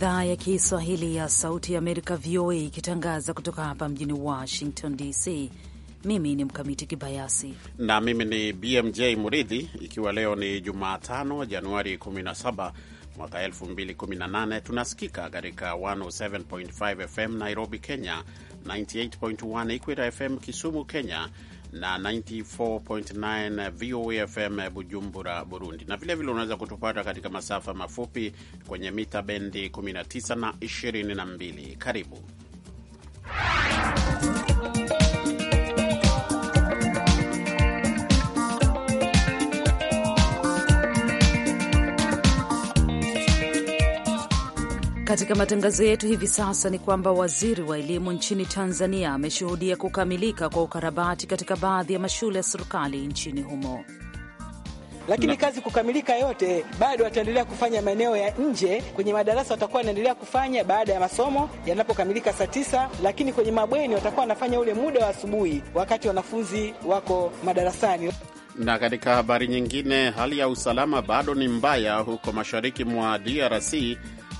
idhaa ya Kiswahili ya Sauti ya Amerika, VOA, ikitangaza kutoka hapa mjini Washington DC. Mimi ni Mkamiti Kibayasi na mimi ni BMJ Muridhi. Ikiwa leo ni Jumatano, Januari 17 mwaka 2018, tunasikika katika 107.5 FM Nairobi, Kenya, 98.1 Ikweta FM Kisumu, Kenya, na 94.9 VOA FM Bujumbura, Burundi, na vilevile unaweza kutupata katika masafa mafupi kwenye mita bendi 19 na 22. Karibu Katika matangazo yetu hivi sasa ni kwamba waziri wa elimu nchini Tanzania ameshuhudia kukamilika kwa ukarabati katika baadhi ya mashule ya serikali nchini humo lakini kazi kukamilika yote bado wataendelea kufanya maeneo ya nje. Kwenye madarasa watakuwa wanaendelea kufanya baada ya masomo yanapokamilika saa tisa, lakini kwenye mabweni watakuwa wanafanya ule muda wa asubuhi, wakati wanafunzi wako madarasani. Na katika habari nyingine, hali ya usalama bado ni mbaya huko mashariki mwa DRC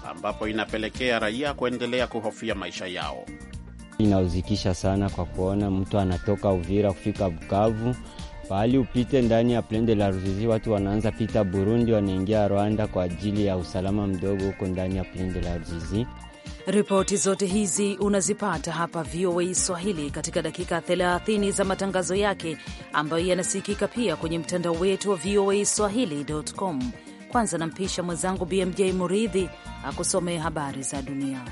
ambapo inapelekea raia kuendelea kuhofia maisha yao. Inauzikisha sana kwa kuona mtu anatoka Uvira kufika Bukavu, pahali upite ndani ya plende la Ruzizi, watu wanaanza pita Burundi, wanaingia Rwanda kwa ajili ya usalama mdogo huko ndani ya plende la Ruzizi. Ripoti zote hizi unazipata hapa VOA Swahili katika dakika 30 za matangazo yake ambayo yanasikika pia kwenye mtandao wetu wa voa swahili.com. Kwanza nampisha mwenzangu BMJ Muridhi akusomee habari za dunia.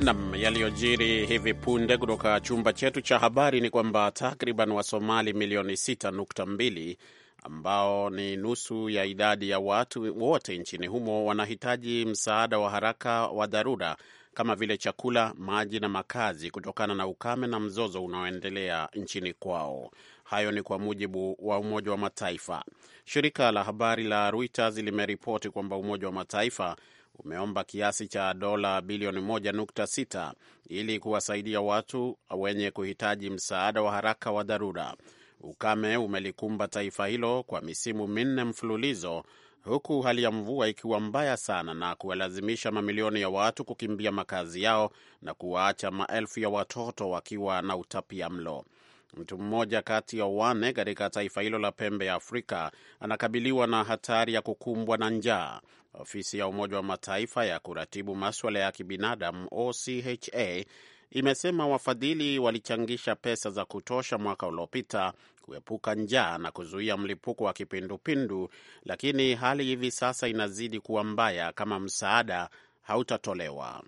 Nam, yaliyojiri hivi punde kutoka chumba chetu cha habari ni kwamba takriban Wasomali milioni 6.2 ambao ni nusu ya idadi ya watu wote nchini humo wanahitaji msaada wa haraka wa dharura kama vile chakula, maji na makazi kutokana na ukame na mzozo unaoendelea nchini kwao. Hayo ni kwa mujibu wa Umoja wa Mataifa. Shirika la habari la Reuters limeripoti kwamba Umoja wa Mataifa umeomba kiasi cha dola bilioni 1.6 ili kuwasaidia watu wenye kuhitaji msaada wa haraka wa dharura. Ukame umelikumba taifa hilo kwa misimu minne mfululizo huku hali ya mvua ikiwa mbaya sana na kuwalazimisha mamilioni ya watu kukimbia makazi yao na kuwaacha maelfu ya watoto wakiwa na utapia mlo. Mtu mmoja kati ya wane katika taifa hilo la pembe ya Afrika anakabiliwa na hatari ya kukumbwa na njaa. Ofisi ya Umoja wa Mataifa ya kuratibu maswala ya kibinadamu OCHA imesema wafadhili walichangisha pesa za kutosha mwaka uliopita kuepuka njaa na kuzuia mlipuko wa kipindupindu, lakini hali hivi sasa inazidi kuwa mbaya kama msaada hautatolewa.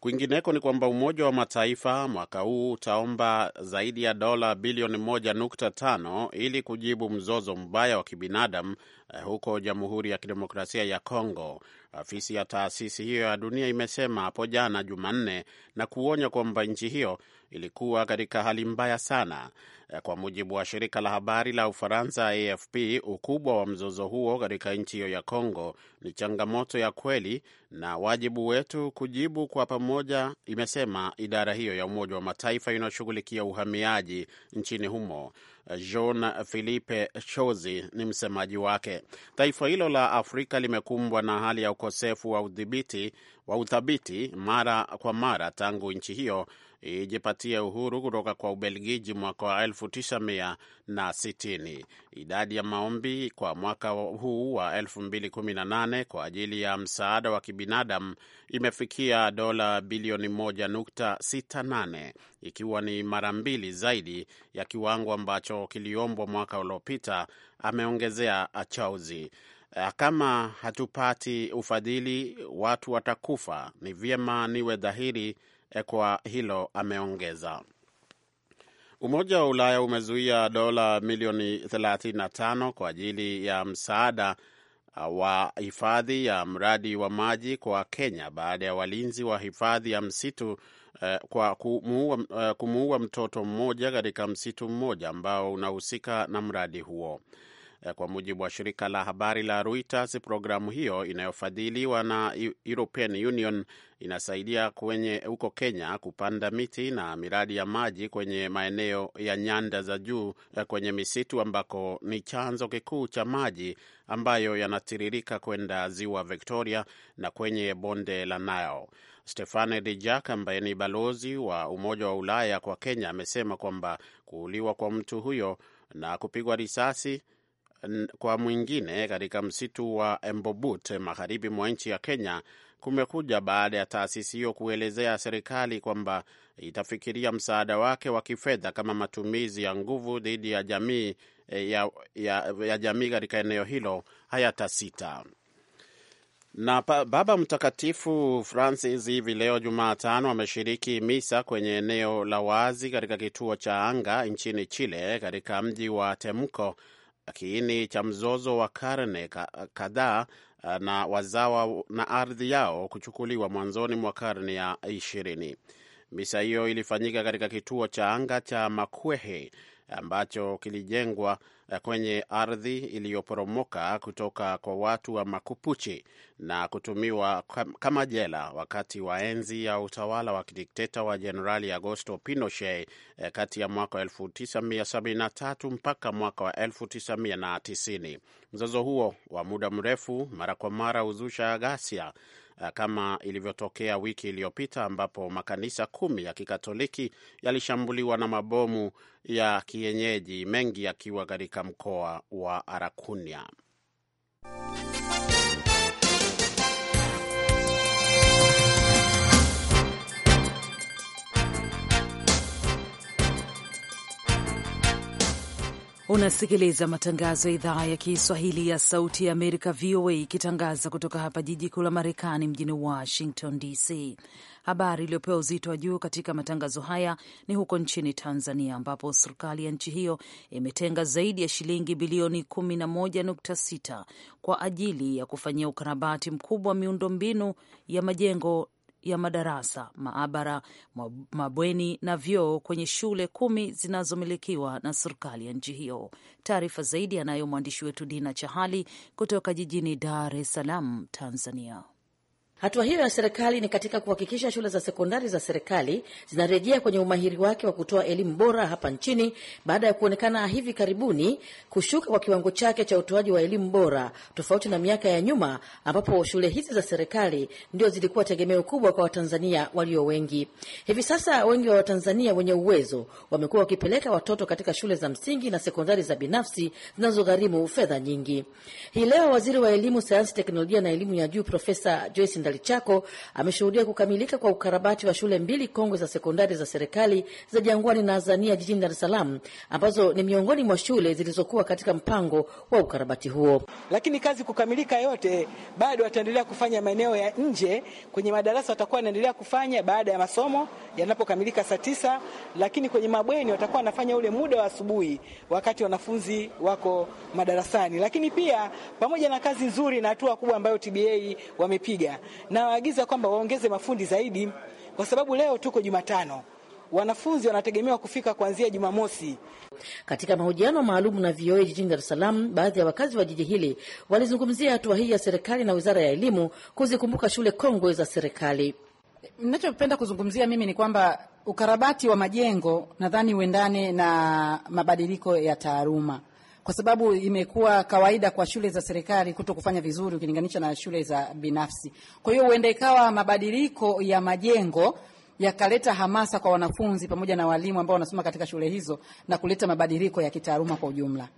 Kwingineko ni kwamba Umoja wa Mataifa mwaka huu utaomba zaidi ya dola bilioni 1.5 ili kujibu mzozo mbaya wa kibinadamu eh, huko Jamhuri ya Kidemokrasia ya Kongo. Afisi ya taasisi hiyo ya dunia imesema hapo jana Jumanne na kuonya kwamba nchi hiyo ilikuwa katika hali mbaya sana. Kwa mujibu wa shirika la habari la Ufaransa AFP, ukubwa wa mzozo huo katika nchi hiyo ya Kongo ni changamoto ya kweli na wajibu wetu kujibu kwa pamoja, imesema idara hiyo ya Umoja wa Mataifa inayoshughulikia uhamiaji nchini humo. Jean Philippe Chozi ni msemaji wake. Taifa hilo la Afrika limekumbwa na hali ya ukosefu wa udhibiti wa uthabiti mara kwa mara tangu nchi hiyo ijipatia uhuru kutoka kwa Ubelgiji mwaka wa 1960. Idadi ya maombi kwa mwaka huu wa 2018 kwa ajili ya msaada wa kibinadamu imefikia dola bilioni 1.68 ikiwa ni mara mbili zaidi ya kiwango ambacho kiliombwa mwaka uliopita, ameongezea Achauzi. Kama hatupati ufadhili, watu watakufa. Ni vyema niwe dhahiri Eh, kwa hilo, ameongeza. Umoja wa Ulaya umezuia dola milioni 35 kwa ajili ya msaada ah, wa hifadhi ya mradi wa maji kwa Kenya baada ya walinzi wa hifadhi ya msitu eh, kwa kumuua, eh, kumuua mtoto mmoja katika msitu mmoja ambao unahusika na mradi huo. Eh, kwa mujibu wa shirika la habari la Reuters, programu hiyo inayofadhiliwa na e-, European Union inasaidia kwenye huko Kenya kupanda miti na miradi ya maji kwenye maeneo ya nyanda za juu eh, kwenye misitu ambako ni chanzo kikuu cha maji ambayo yanatiririka kwenda ziwa Victoria na kwenye bonde la Nile. Stefane de Jack ambaye ni balozi wa Umoja wa Ulaya kwa Kenya amesema kwamba kuuliwa kwa mtu huyo na kupigwa risasi kwa mwingine katika msitu wa Embobut magharibi mwa nchi ya Kenya kumekuja baada ya taasisi hiyo kuelezea serikali kwamba itafikiria msaada wake wa kifedha kama matumizi ya nguvu dhidi ya jamii eh, ya, ya, ya jamii katika eneo hilo hayatasita. Na Baba Mtakatifu Francis hivi leo Jumatano ameshiriki misa kwenye eneo la wazi katika kituo cha anga nchini Chile katika mji wa Temuco kiini cha mzozo wa karne kadhaa eh, na wazawa na ardhi yao kuchukuliwa mwanzoni mwa karne ya ishirini. Misa hiyo ilifanyika katika kituo cha anga cha Makwehe ambacho kilijengwa Eh, kwenye ardhi iliyoporomoka kutoka kwa watu wa Makupuchi na kutumiwa kama jela wakati wa enzi ya utawala wa kidikteta wa Jenerali Augusto Pinochet eh, kati ya mwaka wa 1973 mpaka mwaka wa 1990. Mzozo huo wa muda mrefu mara kwa mara huzusha ghasia Eh, kama ilivyotokea wiki iliyopita ambapo makanisa kumi ya Kikatoliki yalishambuliwa na mabomu ya kienyeji, mengi yakiwa katika mkoa wa Arakunia. Unasikiliza matangazo ya idhaa ya Kiswahili ya Sauti ya Amerika, VOA, ikitangaza kutoka hapa jiji kuu la Marekani, mjini Washington DC. Habari iliyopewa uzito wa juu katika matangazo haya ni huko nchini Tanzania, ambapo serikali ya nchi hiyo imetenga zaidi ya shilingi bilioni 11.6 kwa ajili ya kufanyia ukarabati mkubwa wa miundombinu ya majengo ya madarasa, maabara, mabweni na vyoo kwenye shule kumi zinazomilikiwa na serikali ya nchi hiyo. Taarifa zaidi anayo mwandishi wetu Dina Chahali kutoka jijini Dar es Salaam, Tanzania. Hatua hiyo ya serikali ni katika kuhakikisha shule za sekondari za serikali zinarejea kwenye umahiri wake wa kutoa elimu bora hapa nchini baada ya kuonekana hivi karibuni kushuka kwa kiwango chake cha utoaji wa elimu bora, tofauti na miaka ya nyuma ambapo shule hizi za serikali ndio zilikuwa tegemeo kubwa kwa Watanzania walio wengi. Hivi sasa wengi wa Watanzania wenye uwezo wamekuwa wakipeleka watoto katika shule za msingi na sekondari za binafsi zinazogharimu fedha nyingi. Hii leo waziri wa Elimu, Sayansi, Teknolojia na Elimu ya Juu Profesa Joyce sekondari Chako ameshuhudia kukamilika kwa ukarabati wa shule mbili kongwe za sekondari za serikali za Jangwani na Azania jijini Dar es Salaam ambazo ni miongoni mwa shule zilizokuwa katika mpango wa ukarabati huo. Lakini kazi kukamilika yote, bado wataendelea kufanya maeneo ya nje kwenye madarasa, watakuwa wanaendelea kufanya baada ya masomo yanapokamilika saa tisa, lakini kwenye mabweni watakuwa wanafanya ule muda wa asubuhi wakati wanafunzi wako madarasani. Lakini pia pamoja na kazi nzuri na hatua kubwa ambayo TBA wamepiga, nawaagiza kwamba waongeze mafundi zaidi, kwa sababu leo tuko Jumatano, wanafunzi wanategemewa kufika kuanzia Jumamosi. Katika mahojiano maalum na VOA jijini Dar es Salaam, baadhi ya wakazi wa jiji hili walizungumzia hatua hii ya serikali na wizara ya elimu kuzikumbuka shule kongwe za serikali. Ninachopenda kuzungumzia mimi ni kwamba ukarabati wa majengo nadhani uendane na mabadiliko ya taaluma kwa sababu imekuwa kawaida kwa shule za serikali kuto kufanya vizuri ukilinganisha na shule za binafsi. Kwa hiyo huenda ikawa mabadiliko ya majengo yakaleta hamasa kwa wanafunzi pamoja na walimu ambao wanasoma katika shule hizo na kuleta mabadiliko ya kitaaluma kwa ujumla.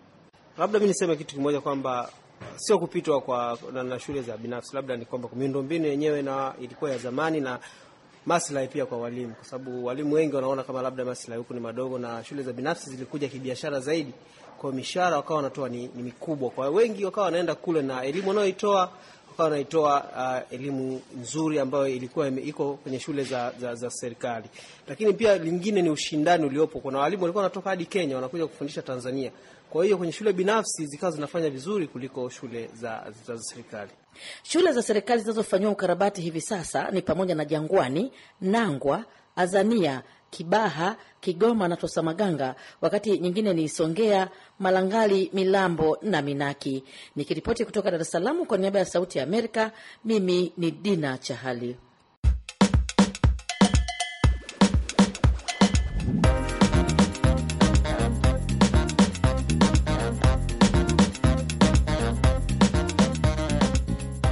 Labda mimi niseme kitu kimoja kwamba sio kupitwa kwa na, na shule za binafsi, labda ni kwamba miundombinu yenyewe na ilikuwa ya zamani na maslahi pia kwa walimu, kwa sababu walimu wengi wanaona kama labda maslahi huku ni madogo, na shule za binafsi zilikuja kibiashara zaidi kwa mishahara wakawa wanatoa ni, ni mikubwa, kwa wengi wakawa wanaenda kule na elimu wanayoitoa wakawa wanaitoa uh, elimu nzuri ambayo ilikuwa iko kwenye shule za, za, za serikali. Lakini pia lingine ni ushindani uliopo. Kuna walimu walikuwa wanatoka hadi Kenya wanakuja kufundisha Tanzania, kwa hiyo kwenye shule binafsi zikawa zinafanya vizuri kuliko shule za, za, za serikali. Shule za serikali zinazofanyiwa ukarabati hivi sasa ni pamoja na Jangwani, Nangwa, Azania Kibaha, Kigoma na Tosamaganga, wakati nyingine ni Songea, Malangali, Milambo na Minaki. Nikiripoti kutoka Dar es Salaam kwa niaba ya Sauti ya Amerika, mimi ni Dina Chahali.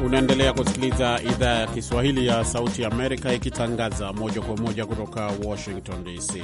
Unaendelea kusikiliza idhaa ya Kiswahili ya Sauti Amerika ikitangaza moja kwa moja kutoka Washington DC.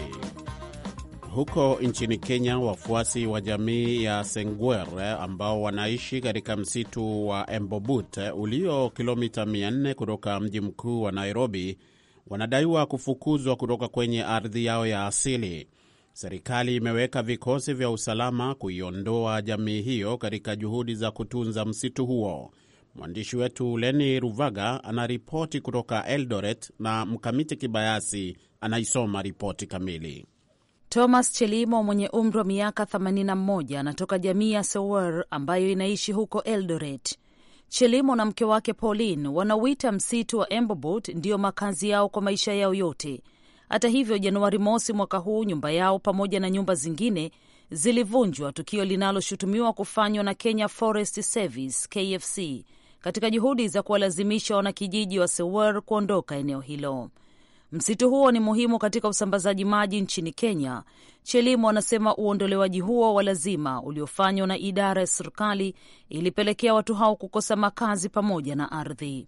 Huko nchini Kenya, wafuasi wa jamii ya Sengwer ambao wanaishi katika msitu wa Embobut ulio kilomita 400 kutoka mji mkuu wa Nairobi wanadaiwa kufukuzwa kutoka kwenye ardhi yao ya asili. Serikali imeweka vikosi vya usalama kuiondoa jamii hiyo katika juhudi za kutunza msitu huo. Mwandishi wetu Leni Ruvaga anaripoti kutoka Eldoret na Mkamiti Kibayasi anaisoma ripoti kamili. Thomas Chelimo mwenye umri wa miaka 81 anatoka jamii ya Sewer ambayo inaishi huko Eldoret. Chelimo na mke wake Pauline wanauita msitu wa Embobot ndiyo makazi yao kwa maisha yao yote. Hata hivyo, Januari mosi mwaka huu nyumba yao pamoja na nyumba zingine zilivunjwa, tukio linaloshutumiwa kufanywa na Kenya Forest Service KFC katika juhudi za kuwalazimisha wanakijiji wa Sewer kuondoka eneo hilo. Msitu huo ni muhimu katika usambazaji maji nchini Kenya. Chelimo anasema uondolewaji huo wa lazima uliofanywa na idara ya serikali ilipelekea watu hao kukosa makazi pamoja na ardhi.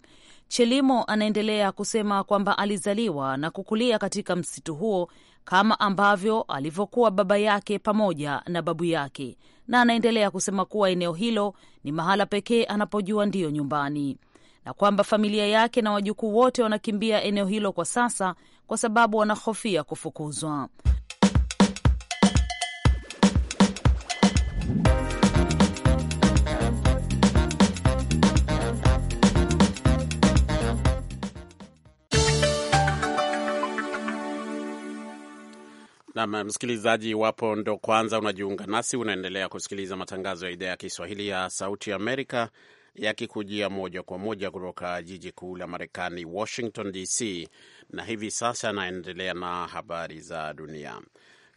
Chelimo anaendelea kusema kwamba alizaliwa na kukulia katika msitu huo kama ambavyo alivyokuwa baba yake pamoja na babu yake, na anaendelea kusema kuwa eneo hilo ni mahala pekee anapojua ndiyo nyumbani na kwamba familia yake na wajukuu wote wanakimbia eneo hilo kwa sasa kwa sababu wanahofia kufukuzwa. Nam msikilizaji, iwapo ndo kwanza unajiunga nasi, unaendelea kusikiliza matangazo ya idhaa ya Kiswahili ya Sauti Amerika yakikujia moja kwa moja kutoka jiji kuu la Marekani, Washington DC. Na hivi sasa naendelea na habari za dunia.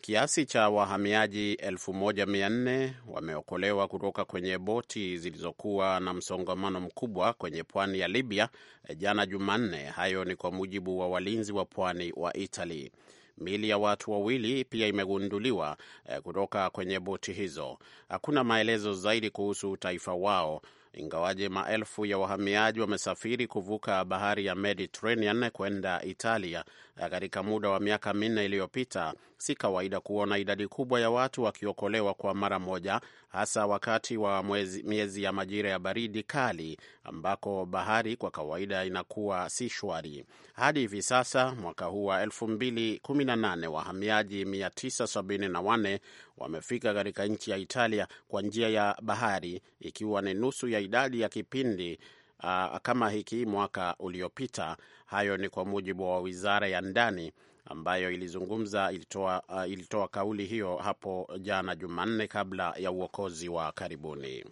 Kiasi cha wahamiaji 1400 wameokolewa kutoka kwenye boti zilizokuwa na msongamano mkubwa kwenye pwani ya Libya jana Jumanne. Hayo ni kwa mujibu wa walinzi wa pwani wa Italy. Mili ya watu wawili pia imegunduliwa eh, kutoka kwenye boti hizo. Hakuna maelezo zaidi kuhusu utaifa wao, ingawaje maelfu ya wahamiaji wamesafiri kuvuka bahari ya Mediterranean kwenda Italia katika muda wa miaka minne iliyopita, si kawaida kuona idadi kubwa ya watu wakiokolewa kwa mara moja, hasa wakati wa mwezi, miezi ya majira ya baridi kali ambako bahari kwa kawaida inakuwa si shwari. Hadi hivi sasa mwaka huu wa 2018 wahamiaji 974 wamefika katika nchi ya Italia kwa njia ya bahari, ikiwa ni nusu ya idadi ya kipindi uh, kama hiki mwaka uliopita. Hayo ni kwa mujibu wa wizara ya ndani ambayo ilizungumza ilitoa, uh, ilitoa kauli hiyo hapo jana Jumanne kabla ya uokozi wa karibuni.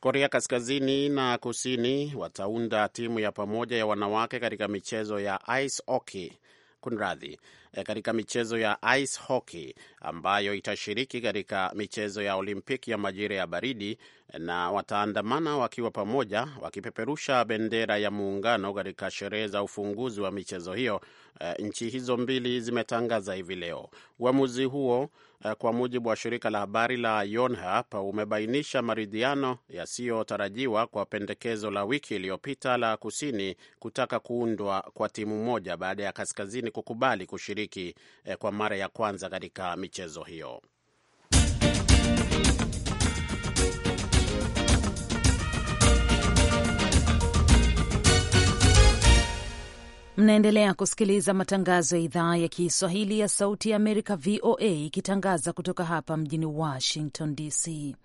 Korea Kaskazini na Kusini wataunda timu ya pamoja ya wanawake katika michezo ya ice hockey. Kunradhi, Eh, katika michezo ya ice hockey ambayo itashiriki katika michezo ya Olimpiki ya majira ya baridi, eh, na wataandamana wakiwa pamoja wakipeperusha bendera ya muungano katika sherehe za ufunguzi wa michezo hiyo. Eh, nchi hizo mbili zimetangaza hivi leo uamuzi huo. kwa mujibu wa shirika la habari la Yonhap umebainisha maridhiano yasiyotarajiwa kwa pendekezo la wiki iliyopita la kusini kutaka kuundwa kwa timu moja baada ya kaskazini kukubali kushiriki kushiriki eh, kwa mara ya kwanza katika michezo hiyo. Mnaendelea kusikiliza matangazo ya idhaa ya Kiswahili ya Sauti ya Amerika, VOA, ikitangaza kutoka hapa mjini Washington DC.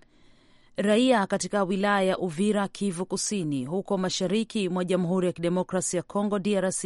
Raia katika wilaya ya Uvira, Kivu Kusini, huko mashariki mwa Jamhuri ya Kidemokrasi ya congo DRC,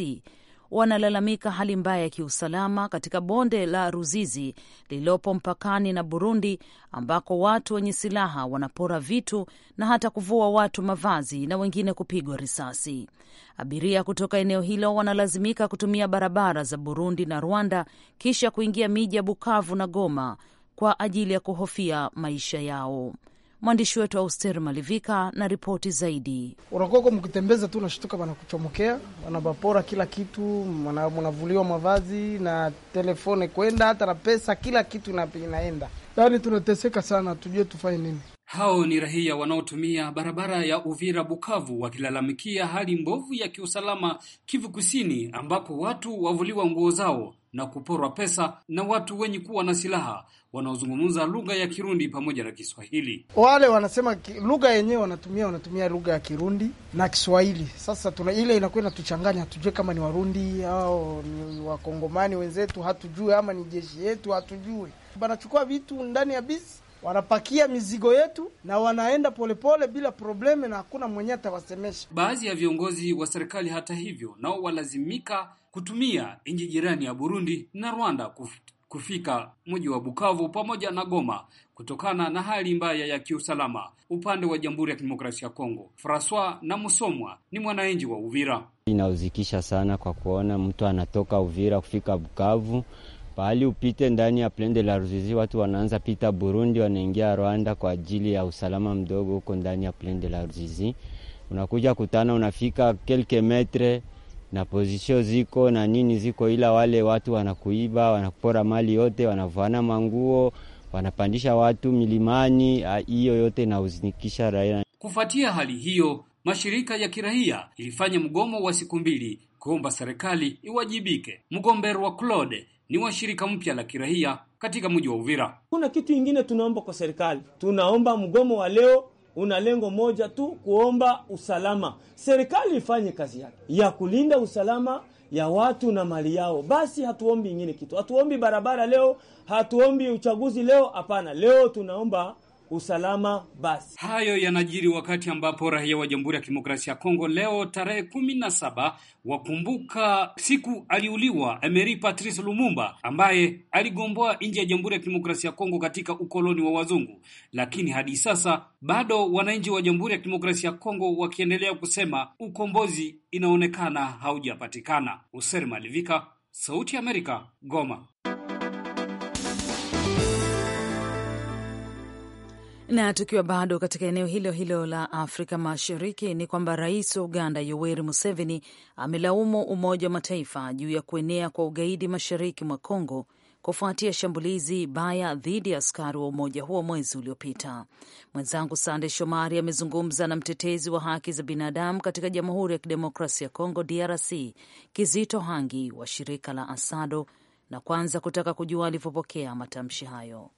wanalalamika hali mbaya ya kiusalama katika bonde la Ruzizi lililopo mpakani na Burundi, ambako watu wenye silaha wanapora vitu na hata kuvua watu mavazi na wengine kupigwa risasi. Abiria kutoka eneo hilo wanalazimika kutumia barabara za Burundi na Rwanda kisha kuingia miji ya Bukavu na Goma kwa ajili ya kuhofia maisha yao. Mwandishi wetu Auster Malivika na ripoti zaidi. Urakoko mkitembeza tu unashtuka, wanakuchomokea, wanabapora kila kitu, mnavuliwa mavazi na telefone kwenda hata na pesa, kila kitu inaenda. Yaani tunateseka sana, tujue tufanye nini. Hao ni rahia wanaotumia barabara ya Uvira Bukavu wakilalamikia hali mbovu ya kiusalama Kivu Kusini, ambako watu wavuliwa nguo zao na kuporwa pesa na watu wenye kuwa na silaha wanaozungumza lugha ya Kirundi pamoja na Kiswahili. Wale wanasema lugha yenyewe wanatumia wanatumia lugha ya Kirundi na Kiswahili. Sasa tuna ile inakuwa inatuchanganya, hatujue kama ni Warundi au ni Wakongomani wenzetu, hatujue ama ni jeshi yetu, hatujue. Wanachukua vitu ndani ya bisi wanapakia mizigo yetu na wanaenda polepole pole bila probleme, na hakuna mwenye atawasemesha. Baadhi ya viongozi wa serikali hata hivyo nao walazimika kutumia nchi jirani ya Burundi na Rwanda kufika mji wa Bukavu pamoja na Goma kutokana na hali mbaya ya kiusalama upande wa Jamhuri ya Kidemokrasia ya Kongo. Francois na Musomwa ni mwananchi wa Uvira. Inauzikisha sana kwa kuona mtu anatoka Uvira kufika Bukavu, pahali upite ndani ya plende de la Ruzizi, watu wanaanza pita Burundi, wanaingia Rwanda kwa ajili ya usalama mdogo huko ndani ya plende de la Ruzizi. Unakuja kutana, unafika kelke metre na pozisio ziko na nini ziko, ila wale watu wanakuiba, wanakupora mali yote, wanavana manguo, wanapandisha watu milimani, hiyo yote nauzinikisha raia. Kufuatia hali hiyo, mashirika ya kirahia ilifanya mgomo wa siku mbili kuomba serikali iwajibike. Mgombero wa Claude ni wa shirika mpya la kirahia katika mji wa Uvira. Kuna kitu ingine tunaomba kwa serikali, tunaomba mgomo wa leo una lengo moja tu, kuomba usalama. Serikali ifanye kazi yake ya kulinda usalama ya watu na mali yao. Basi hatuombi ingine kitu, hatuombi barabara leo, hatuombi uchaguzi leo. Hapana, leo tunaomba usalama basi. Hayo yanajiri wakati ambapo raia wa Jamhuri ya Kidemokrasia ya Kongo leo tarehe kumi na saba wakumbuka siku aliuliwa Emery Patrice Lumumba ambaye aligomboa nje ya Jamhuri ya Kidemokrasia ya Kongo katika ukoloni wa wazungu, lakini hadi sasa bado wananchi wa Jamhuri ya Kidemokrasia ya Kongo wakiendelea kusema ukombozi inaonekana haujapatikana. User Malivika, Sauti ya Amerika, Goma. Na tukiwa bado katika eneo hilo hilo la Afrika Mashariki ni kwamba rais wa Uganda Yoweri Museveni amelaumu Umoja wa Mataifa juu ya kuenea kwa ugaidi mashariki mwa Kongo kufuatia shambulizi baya dhidi ya askari wa umoja huo mwezi uliopita. Mwenzangu Sande Shomari amezungumza na mtetezi wa haki za binadamu katika Jamhuri ya Kidemokrasia ya Kongo, DRC, Kizito Hangi wa shirika la ASADO, na kwanza kutaka kujua alivyopokea matamshi hayo.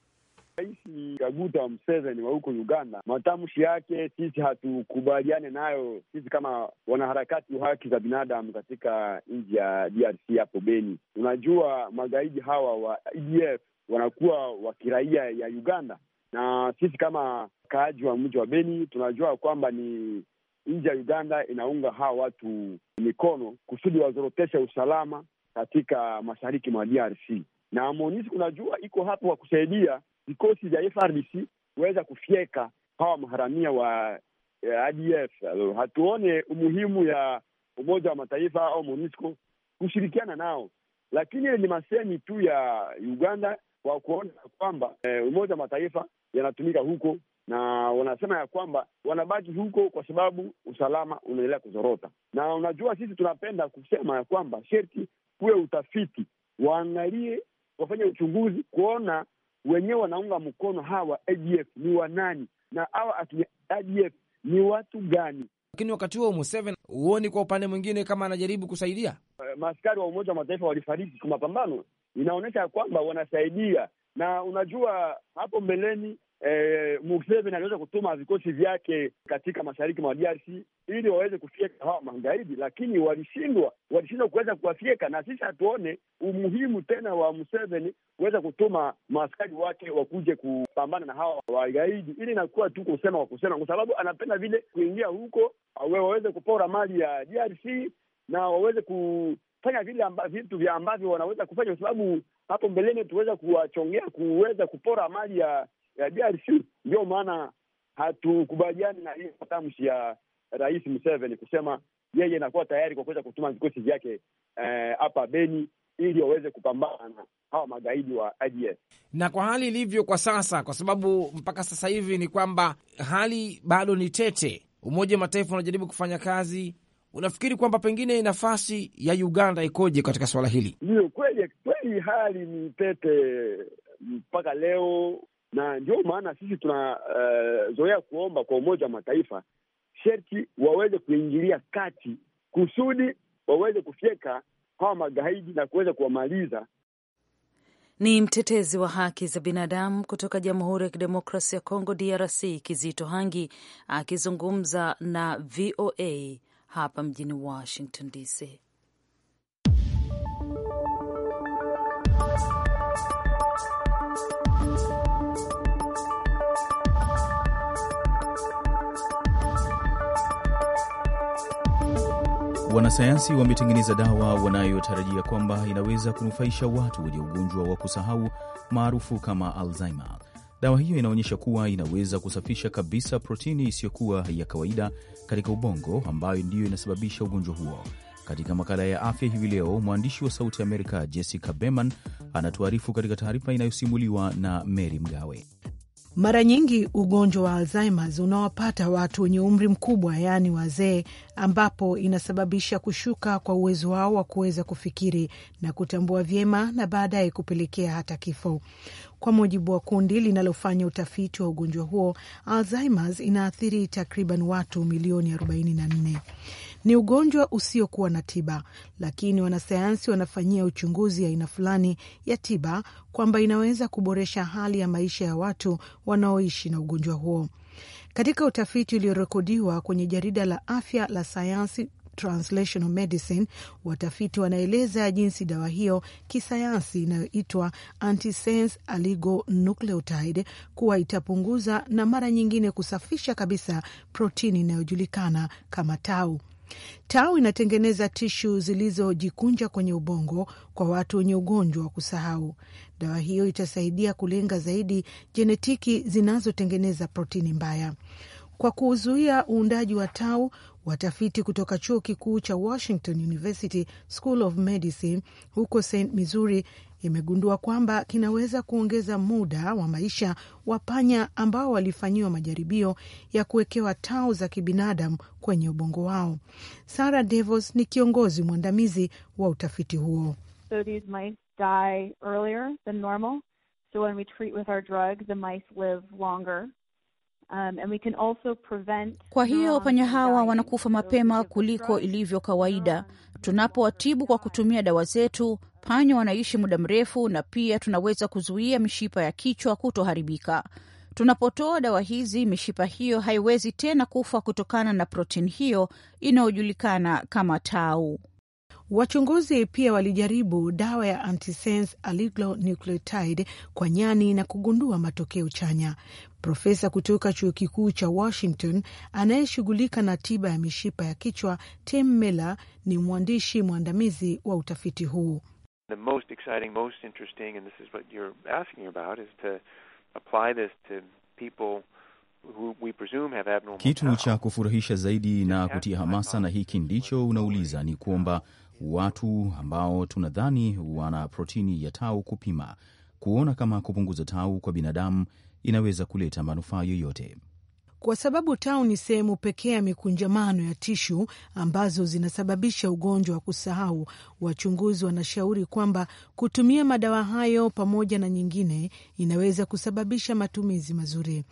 Rais Kaguta Museveni wa huko Uganda, matamshi yake sisi hatukubaliane nayo, sisi kama wanaharakati wa haki za binadamu katika nchi ya DRC hapo Beni. Unajua, magaidi hawa wa ADF e wanakuwa wa kiraia ya Uganda, na sisi kama kaaji wa mji wa Beni tunajua kwamba ni nchi ya Uganda inaunga hawa watu mikono kusudi wazorotesha usalama katika mashariki mwa DRC na MONUSCO unajua iko hapo kwa kusaidia vikosi vya FRDC kuweza kufyeka hawa maharamia wa eh, ADF. Hatuone umuhimu ya Umoja wa Mataifa au MONUSCO kushirikiana nao, lakini ni masemi tu ya Uganda kwa kuona kwamba eh, Umoja wa Mataifa yanatumika huko na wanasema ya kwamba wanabaki huko kwa sababu usalama unaendelea kuzorota. Na unajua sisi tunapenda kusema ya kwamba sherti kuwe utafiti, waangalie, wafanye uchunguzi kuona wenyewe wanaunga mkono hawa ADF ni wanani na hawa ADF ni watu gani? Lakini wakati huo Museveni huoni kwa upande mwingine kama anajaribu kusaidia. maskari eh, maaskari wa Umoja wa Mataifa walifariki kwa mapambano, inaonyesha ya kwamba wanasaidia. Na unajua hapo mbeleni eh, Museveni aliweza kutuma vikosi vyake katika mashariki mwa DRC ili waweze kufyeka hawa magaidi lakini walishindwa, walishindwa kuweza kuwafyeka, na sisi hatuone umuhimu tena wa Museveni kuweza kutuma maaskari wake wakuje kupambana na hawa wagaidi, ili nakuwa tu kusema kwa kusema, kwa sababu anapenda vile kuingia huko waweze kupora mali ya DRC na waweze kufanya vile amba, vitu vya ambavyo wanaweza kufanya, kwa sababu hapo mbeleni tuweza kuwachongea kuweza kupora mali ya ya DRC. Ndio maana hatukubaliani na hiyo matamshi ya Rais Museveni kusema yeye inakuwa tayari kwa kuweza kutuma vikosi vyake eh, hapa eh, Beni ili waweze kupambana na hawa magaidi wa ADF. Na kwa hali ilivyo kwa sasa, kwa sababu mpaka sasa hivi ni kwamba hali bado ni tete, Umoja wa Mataifa unajaribu kufanya kazi. Unafikiri kwamba pengine nafasi ya Uganda ikoje katika suala hili? Ndio, kweli kweli, hali ni tete mpaka leo, na ndio maana sisi tunazoea eh, uh, kuomba kwa Umoja wa Mataifa sherti waweze kuingilia kati kusudi waweze kufyeka hawa magaidi na kuweza kuwamaliza. Ni mtetezi wa haki za binadamu kutoka Jamhuri ya Kidemokrasia ya Kongo, DRC, Kizito Hangi akizungumza na VOA hapa mjini Washington DC. Wanasayansi wametengeneza dawa wanayotarajia kwamba inaweza kunufaisha watu wenye ugonjwa wa kusahau maarufu kama Alzheimer. Dawa hiyo inaonyesha kuwa inaweza kusafisha kabisa protini isiyokuwa ya kawaida katika ubongo ambayo ndiyo inasababisha ugonjwa huo. Katika makala ya afya hivi leo, mwandishi wa Sauti ya Amerika Jessica Berman anatuarifu katika taarifa inayosimuliwa na Mary Mgawe. Mara nyingi ugonjwa wa Alzheimers unawapata watu wenye umri mkubwa, yaani wazee, ambapo inasababisha kushuka kwa uwezo wao wa kuweza kufikiri na kutambua vyema na baadaye kupelekea hata kifo. Kwa mujibu wa kundi linalofanya utafiti wa ugonjwa huo, Alzheimers inaathiri takriban watu milioni 44. Ni ugonjwa usiokuwa na tiba, lakini wanasayansi wanafanyia uchunguzi aina fulani ya tiba kwamba inaweza kuboresha hali ya maisha ya watu wanaoishi na ugonjwa huo. Katika utafiti uliorekodiwa kwenye jarida la afya la sayansi Translational Medicine, watafiti wanaeleza jinsi dawa hiyo kisayansi inayoitwa antisense oligonucleotide kuwa itapunguza na mara nyingine kusafisha kabisa protini inayojulikana kama tau. Tau inatengeneza tishu zilizojikunja kwenye ubongo kwa watu wenye ugonjwa wa kusahau. Dawa hiyo itasaidia kulenga zaidi jenetiki zinazotengeneza protini mbaya kwa kuzuia uundaji wa tau. Watafiti kutoka chuo kikuu cha Washington University School of Medicine huko St Missouri imegundua kwamba kinaweza kuongeza muda wa maisha wa panya ambao walifanyiwa majaribio ya kuwekewa tau za kibinadamu kwenye ubongo wao. Sarah Devos ni kiongozi mwandamizi wa utafiti huo. So these mice die earlier than normal. So when we treat with our drug, the mice live longer. Um, kwa hiyo panya um, hawa wanakufa mapema kuliko ilivyo kawaida. Tunapowatibu kwa kutumia dawa zetu, panya wanaishi muda mrefu, na pia tunaweza kuzuia mishipa ya kichwa kutoharibika. Tunapotoa dawa hizi, mishipa hiyo haiwezi tena kufa kutokana na protini hiyo inayojulikana kama tau. Wachunguzi pia walijaribu dawa ya antisense oligonucleotide kwa nyani na kugundua matokeo chanya. Profesa kutoka chuo kikuu cha Washington anayeshughulika na tiba ya mishipa ya kichwa Tim Miller ni mwandishi mwandamizi wa utafiti huu. The most exciting, most interesting, and this is what you're asking about, is to apply this to people who we presume have abnormal. Kitu cha kufurahisha zaidi na kutia hamasa, na hiki ndicho unauliza, ni kwamba watu ambao tunadhani wana protini ya tau kupima kuona kama kupunguza tau kwa binadamu inaweza kuleta manufaa yoyote kwa sababu tau ni sehemu pekee ya mikunjamano ya tishu ambazo zinasababisha ugonjwa wa kusahau. Wachunguzi wanashauri kwamba kutumia madawa hayo pamoja na nyingine inaweza kusababisha matumizi mazuri.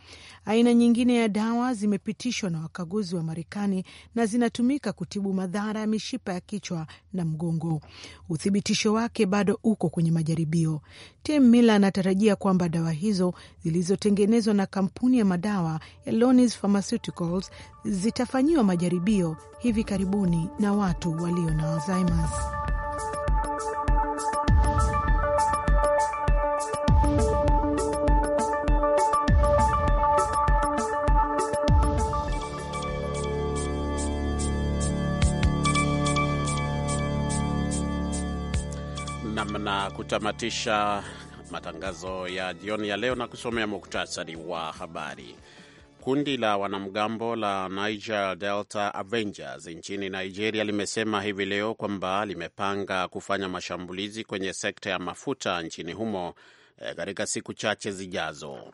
Aina nyingine ya dawa zimepitishwa na wakaguzi wa Marekani na zinatumika kutibu madhara ya mishipa ya kichwa na mgongo. Uthibitisho wake bado uko kwenye majaribio. Tim Miller anatarajia kwamba dawa hizo zilizotengenezwa na kampuni ya madawa ya Japanese Pharmaceuticals zitafanyiwa majaribio hivi karibuni na watu walio na Alzheimer's. Namna kutamatisha matangazo ya jioni ya leo na kusomea muktasari wa habari. Kundi la wanamgambo la Niger Delta Avengers nchini Nigeria limesema hivi leo kwamba limepanga kufanya mashambulizi kwenye sekta ya mafuta nchini humo eh, katika siku chache zijazo.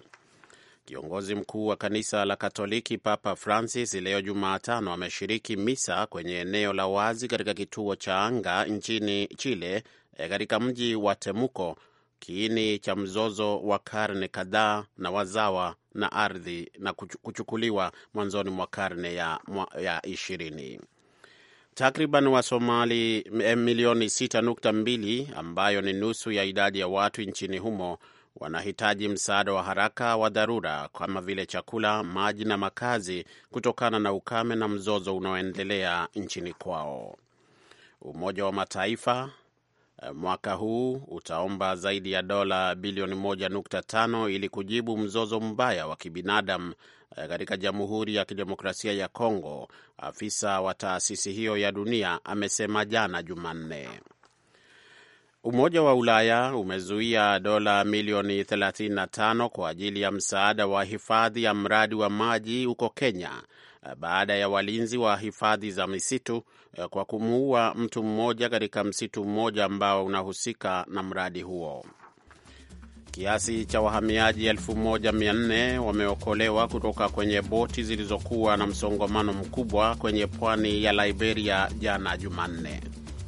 Kiongozi mkuu wa kanisa la Katoliki Papa Francis leo Jumatano ameshiriki misa kwenye eneo la wazi katika kituo cha anga nchini Chile, eh, katika mji wa Temuco, kiini cha mzozo wa karne kadhaa na wazawa na ardhi na kuchukuliwa mwanzoni mwa karne ya, ya ishirini. Takriban Wasomali eh, milioni 6.2 ambayo ni nusu ya idadi ya watu nchini humo wanahitaji msaada wa haraka wa dharura kama vile chakula, maji na makazi kutokana na ukame na mzozo unaoendelea nchini kwao. Umoja wa Mataifa Eh, mwaka huu utaomba zaidi ya dola bilioni 1.5 ili kujibu mzozo mbaya wa kibinadamu eh, katika Jamhuri ya Kidemokrasia ya Kongo, afisa wa taasisi hiyo ya dunia amesema jana Jumanne. Umoja wa Ulaya umezuia dola milioni 35 kwa ajili ya msaada wa hifadhi ya mradi wa maji huko Kenya baada ya walinzi wa hifadhi za misitu eh, kwa kumuua mtu mmoja katika msitu mmoja ambao unahusika na mradi huo. Kiasi cha wahamiaji 1400 wameokolewa kutoka kwenye boti zilizokuwa na msongamano mkubwa kwenye pwani ya Liberia jana Jumanne.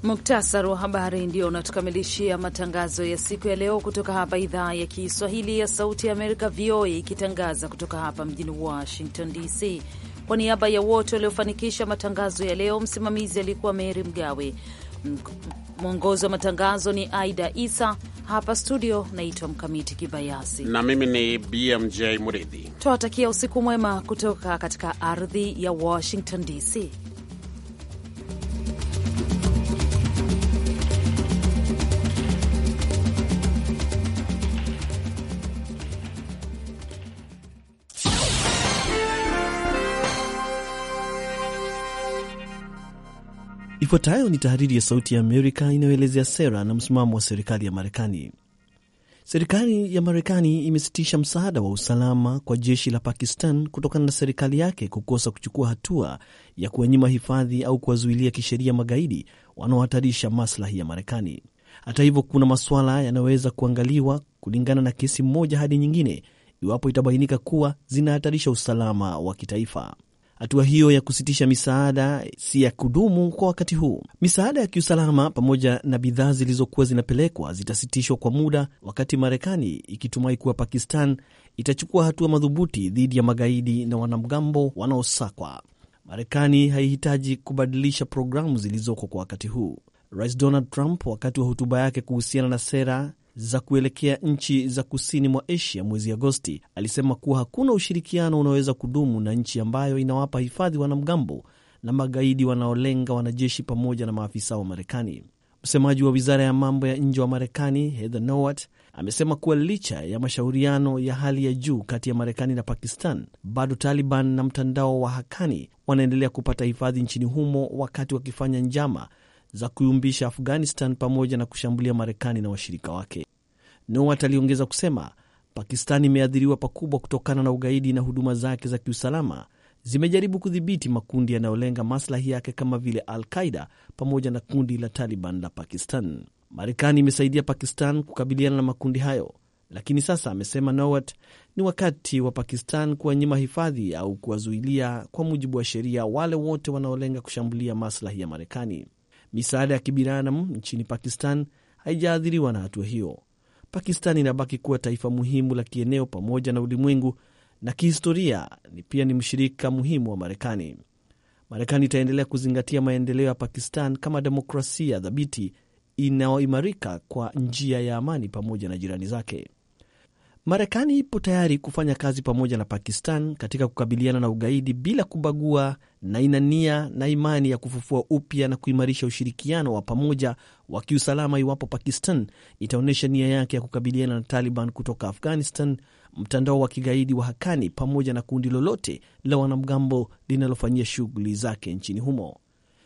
Muktasar wa habari ndio unatukamilishia matangazo ya siku ya leo kutoka hapa idhaa ya Kiswahili ya Sauti ya Amerika, VOA, ikitangaza kutoka hapa mjini Washington DC. Kwa niaba ya wote waliofanikisha matangazo ya leo, msimamizi alikuwa Meri Mgawe, mwongozi wa matangazo ni Aida Isa. Hapa studio naitwa Mkamiti Kibayasi na mimi ni BMJ Muridhi. Tunawatakia usiku mwema kutoka katika ardhi ya Washington DC. Ifuatayo ni tahariri ya Sauti ya Amerika inayoelezea sera na msimamo wa serikali ya Marekani. Serikali ya Marekani imesitisha msaada wa usalama kwa jeshi la Pakistan kutokana na serikali yake kukosa kuchukua hatua ya kuwanyima hifadhi au kuwazuilia kisheria magaidi wanaohatarisha maslahi ya Marekani. Hata hivyo, kuna masuala yanayoweza kuangaliwa kulingana na kesi mmoja hadi nyingine, iwapo itabainika kuwa zinahatarisha usalama wa kitaifa. Hatua hiyo ya kusitisha misaada si ya kudumu kwa wakati huu. Misaada ya kiusalama pamoja na bidhaa zilizokuwa zinapelekwa zitasitishwa kwa muda, wakati Marekani ikitumai kuwa Pakistan itachukua hatua madhubuti dhidi ya magaidi na wanamgambo wanaosakwa. Marekani haihitaji kubadilisha programu zilizoko kwa wakati huu. Rais Donald Trump, wakati wa hotuba yake kuhusiana na sera za kuelekea nchi za kusini mwa Asia mwezi Agosti, alisema kuwa hakuna ushirikiano unaoweza kudumu na nchi ambayo inawapa hifadhi wanamgambo na magaidi wanaolenga wanajeshi pamoja na maafisa wa Marekani. Msemaji wa wizara ya mambo ya nje wa Marekani Heather Nauert amesema kuwa licha ya mashauriano ya hali ya juu kati ya Marekani na Pakistan, bado Taliban na mtandao wa Hakani wanaendelea kupata hifadhi nchini humo wakati wakifanya njama za kuyumbisha Afghanistan pamoja na kushambulia Marekani na washirika wake. Nowat aliongeza kusema Pakistan imeathiriwa pakubwa kutokana na ugaidi na huduma zake za kiusalama zimejaribu kudhibiti makundi yanayolenga maslahi yake kama vile Al Qaida pamoja na kundi la Taliban la Pakistan. Marekani imesaidia Pakistan kukabiliana na makundi hayo, lakini sasa, amesema Nowat, ni wakati wa Pakistan kuwanyima hifadhi au kuwazuilia kwa mujibu wa sheria wale wote wanaolenga kushambulia maslahi ya Marekani. Misaada ya kibinadamu nchini Pakistan haijaathiriwa na hatua hiyo. Pakistan inabaki kuwa taifa muhimu la kieneo pamoja na ulimwengu, na kihistoria ni pia ni mshirika muhimu wa Marekani. Marekani itaendelea kuzingatia maendeleo ya Pakistan kama demokrasia thabiti inayoimarika kwa njia ya amani pamoja na jirani zake. Marekani ipo tayari kufanya kazi pamoja na Pakistan katika kukabiliana na ugaidi bila kubagua na ina nia na imani ya kufufua upya na kuimarisha ushirikiano wa pamoja wa kiusalama iwapo Pakistan itaonyesha nia yake ya kukabiliana na Taliban kutoka Afghanistan, mtandao wa kigaidi wa Hakani pamoja na kundi lolote la wanamgambo linalofanyia shughuli zake nchini humo.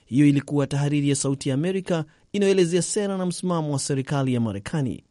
Hiyo ilikuwa tahariri ya Sauti ya Amerika inayoelezea sera na msimamo wa serikali ya Marekani.